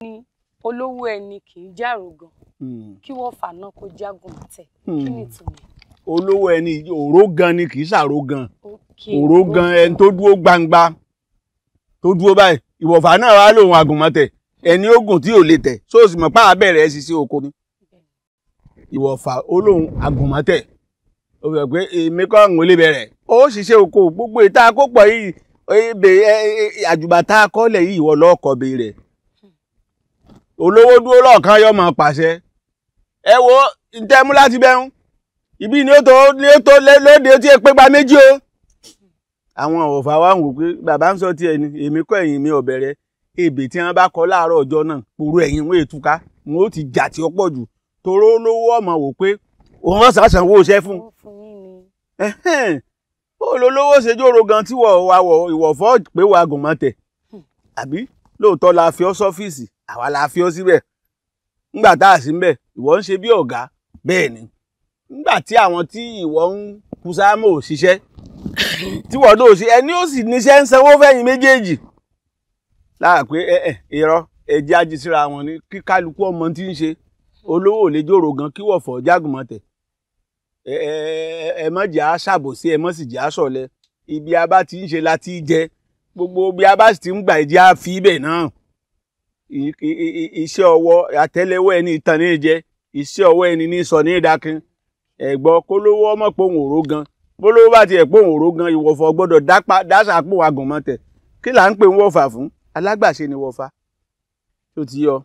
ní olówó ẹni kì í jàrògàn hmm. kí wọ́n fà kó jágun tẹ̀ kí hmm. ni ìtumọ̀ olówó ẹni òrógan ni kì í ṣàrógan òrógan ẹni tó dúró gbangba tó dúró báyìí ìwọ̀fà náà wá lòun àgùnmọ̀tẹ̀ ẹni ogun tí ò lè tẹ̀ sóòsì mọ̀ pá abẹ́rẹ́ ẹ̀ sì sí oko ni ìwọ̀fà olóhùn àgùnmọ̀tẹ̀ ó fẹ́ pé èmi kọ́ àwọn olè bẹ̀rẹ̀ ó ṣiṣẹ́ oko gbogbo ìta àkópọ̀ yìí àjùbà tá a kọ́lẹ̀ yìí ìwọ lọ́ọ̀kọ̀ bẹ̀rẹ̀ olówó dúró lọ́ọ̀kan yọ mọ̀ pàṣẹ ẹ wo ntẹ́mú láti bẹ́hún ibi ni ó tó ni ó tó lóde tí ẹ pé gba méjì o àwọn òòfà wa ń wò pé bàbá ń sọ tiẹ̀ ni èmi kọ́ ẹ̀yìn mi ọ̀bẹ̀rẹ̀ ebè tí wọ́n bá kọ́ láàárọ̀ ọjọ́ náà kúrú ẹ̀yìn wọn ètúká wọn ó ti jà tí ó pọ̀ jù toró lówó ọmọ wò pé òun ọ̀sán sanwó iṣẹ́ fún ó lólówó ṣèjóró gan tí wọ́n wà wọ̀ ìwọ̀fọ́ pé wàá gùn mọ́tẹ̀ hmm. àbí lóòótọ́ la fi ọ́ sọ́fíìsì àwa la fi ọ́ síbẹ̀ ńgbà tá a sí ńbẹ̀ ìwọ ń ṣe bí ọ̀gá bẹ́ẹ̀ ni ńgbà tí àwọn tí ìwọ ń kú sáámù ò ṣiṣẹ́ tí wọ́n náà ṣe ẹni ó sì níṣẹ́ ń sanwó fẹ́yìn méjèèjì láà pé ẹ ẹ irọ́ ẹjẹ́ ajé síra wọn ni kí kálukú ọmọ tí ń ṣe olówó ò lè jòrò gan kí wọ́n fọ̀ jágùmọ̀tẹ̀ ẹ ẹ ẹ mọ̀ jẹ́ á ṣàbòsí ẹ mọ̀ sì jẹ́ á ṣọ̀lẹ ibi a bá ti ń ṣe la ti jẹ gbogbo ibi a bá sì ti ń gbà ẹjẹ́ á fi ibẹ̀ náà iṣẹ́ ọwọ́ àtẹ́lẹwọ́ ẹni ìtàn ní jẹ iṣẹ́ ọwọ́ ẹni ní sọ ní ìdákin ẹ̀gbọ́ kólówó ọmọ pé òun òró gan bólówó bá tiẹ̀ pé òun òró gan ìwọ̀fọ̀ gbọ́dọ̀ dáṣà pò wàgùn mọ́tẹ̀ kí là ń pè ń wọ̀fà fún alágbàṣe ni wọ̀fà tó ti yọ.